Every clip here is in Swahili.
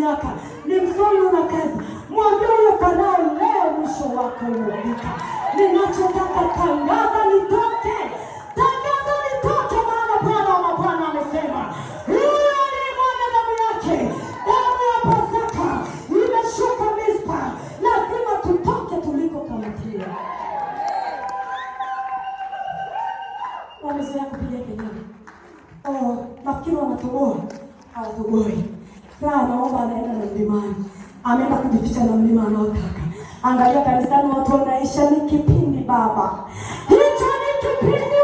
miaka ni mzuri, una kazi, mwambie huyo kanali, leo mwisho wako umefika. Ninachotaka tangaza nitoke, tangaza nitoke, maana Bwana wa mabwana amesema huyo alimwaga damu yake, damu ya Pasaka imeshuka Mispa. Lazima tutoke tulikokamtia. Wamezoea kupiga kelele, oh, nafikiri wanatoboa, hawatoboi saa anaomba anaenda na mlimani, ameenda kujificha na mlima anaotaka. Angalia kanisani watu wanaisha, ni kipindi baba, hicho ni kipindi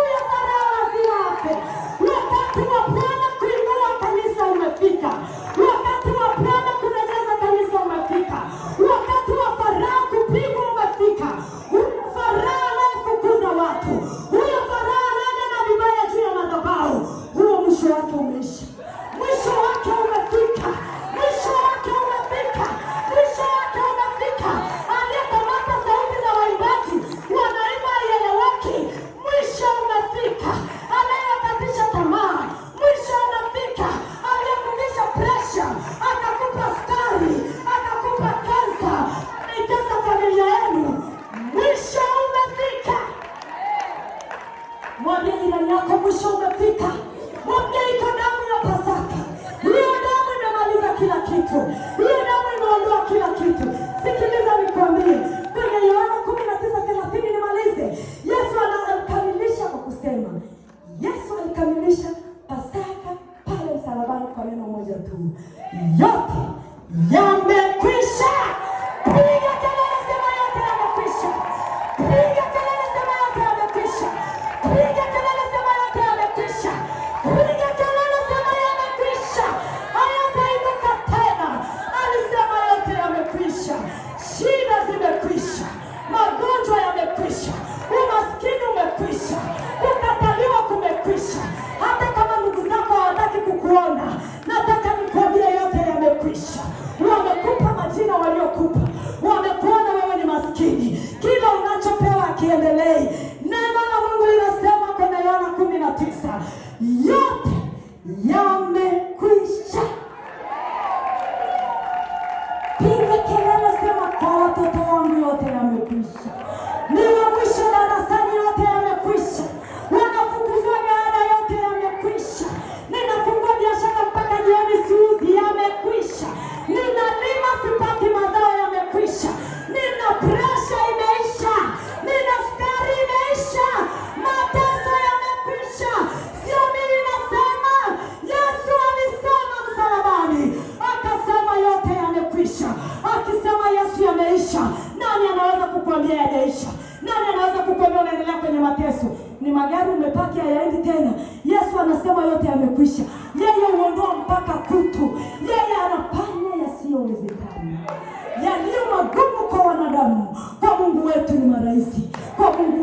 King the King.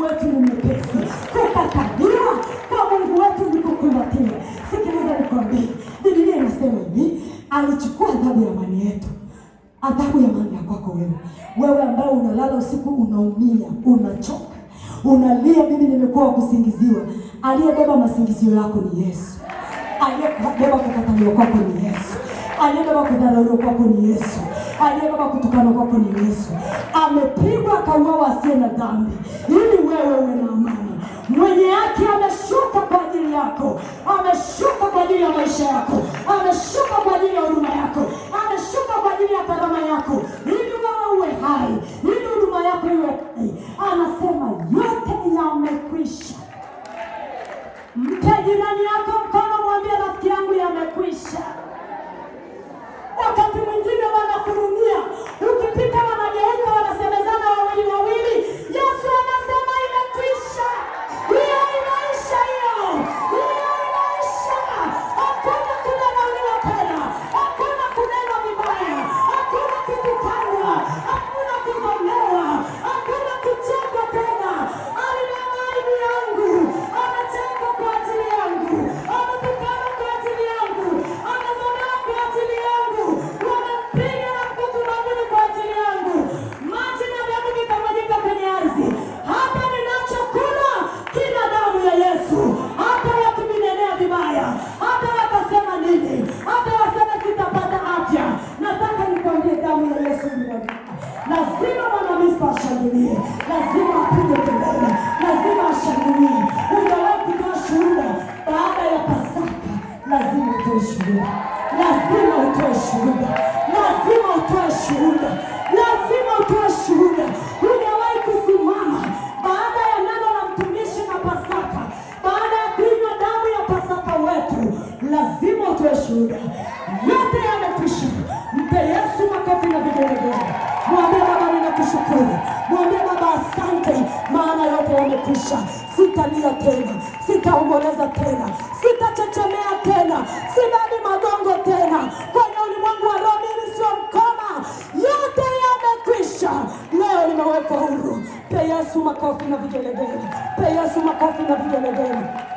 wetu ni mwepesi kukataliwa, kwa Mungu wetu Sikiliza nikwambie, Biblia inasema hivi, alichukua adhabu ya amani yetu, adhabu ya amani ya kwako wewe, wewe ambao unalala usiku, unaumia, unachoka, unalia, mimi nimekuwa kusingiziwa. Aliyebeba masingizio yako ni Yesu, aliyebeba kukataliwa kwako ni Yesu, aliyebeba kudharauliwa kwako ni Yesu aliyebeba kutukana kwako ni Yesu, amepigwa akauawa, asiye na dhambi ili wewe uwe na amani. Mwenye haki ameshuka kwa ajili yako, ameshuka kwa ajili ya maisha yako, ameshuka kwa ajili ya huruma yako, ameshuka kwa ajili ya karama yako. ushuhuda. Yote yamekwisha. Mpe Yesu makofi na vigelegele. Mwambie Baba, ninakushukuru. Mwambie Baba, asante, maana yote yamekwisha. Sitalia tena, sitaomboleza tena, sitachechemea tena, sibadi magongo tena kwenye ulimwengu wa roho. Mimi sio mkoma, yote yamekwisha. Leo nimewekwa huru. Pe Yesu makofi na vigelegele. Pe Yesu makofi na vigelegele.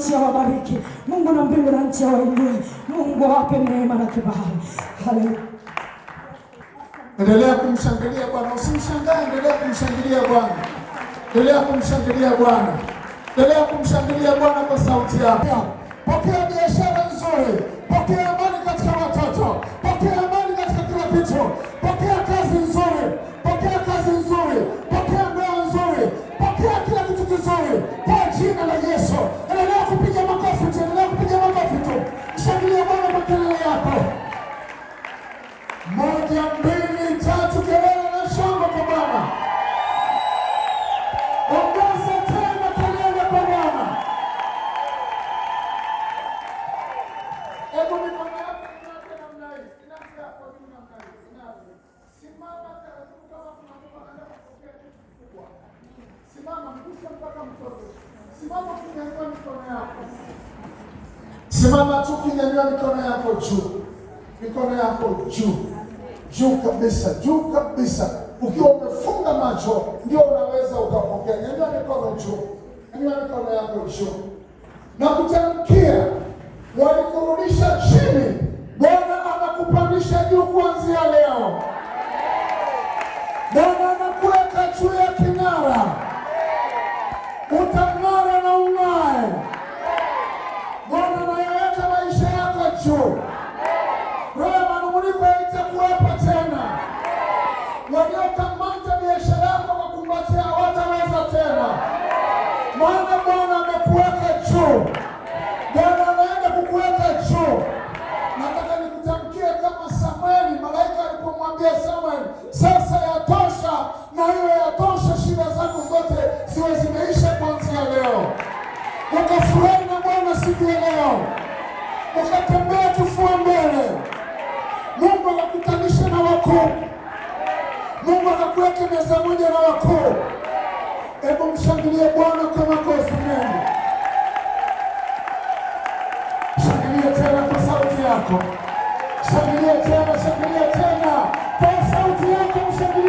nchi awabariki, Mungu na mbingu na nchi awainue, Mungu awape neema na kibali. Haleluya. Endelea kumshangilia Bwana, usimshangae, endelea kumshangilia Bwana, endelea kumshangilia Bwana, endelea kumshangilia Bwana kwa sauti yako. Pokea biashara nzuri, pokea Simama tu, kinyanyua mikono yako juu, mikono yako juu, juu kabisa, juu kabisa. Ukiwa umefunga macho, ndio unaweza ukapokea. Nyanyua mikono juu, nyanyua mikono yako juu na kutamkia. Walikurudisha chini, Bwana anakupandisha juu kuanzia leo. anayetufua mbele. Mungu akakutanisha na wakuu, Mungu akakuweke meza moja na wakuu. Hebu mshangilie Bwana kwa makofi mengi, shangilie tena kwa sauti yako, shangilie tena, shangilie tena kwa sauti yako, mshangilie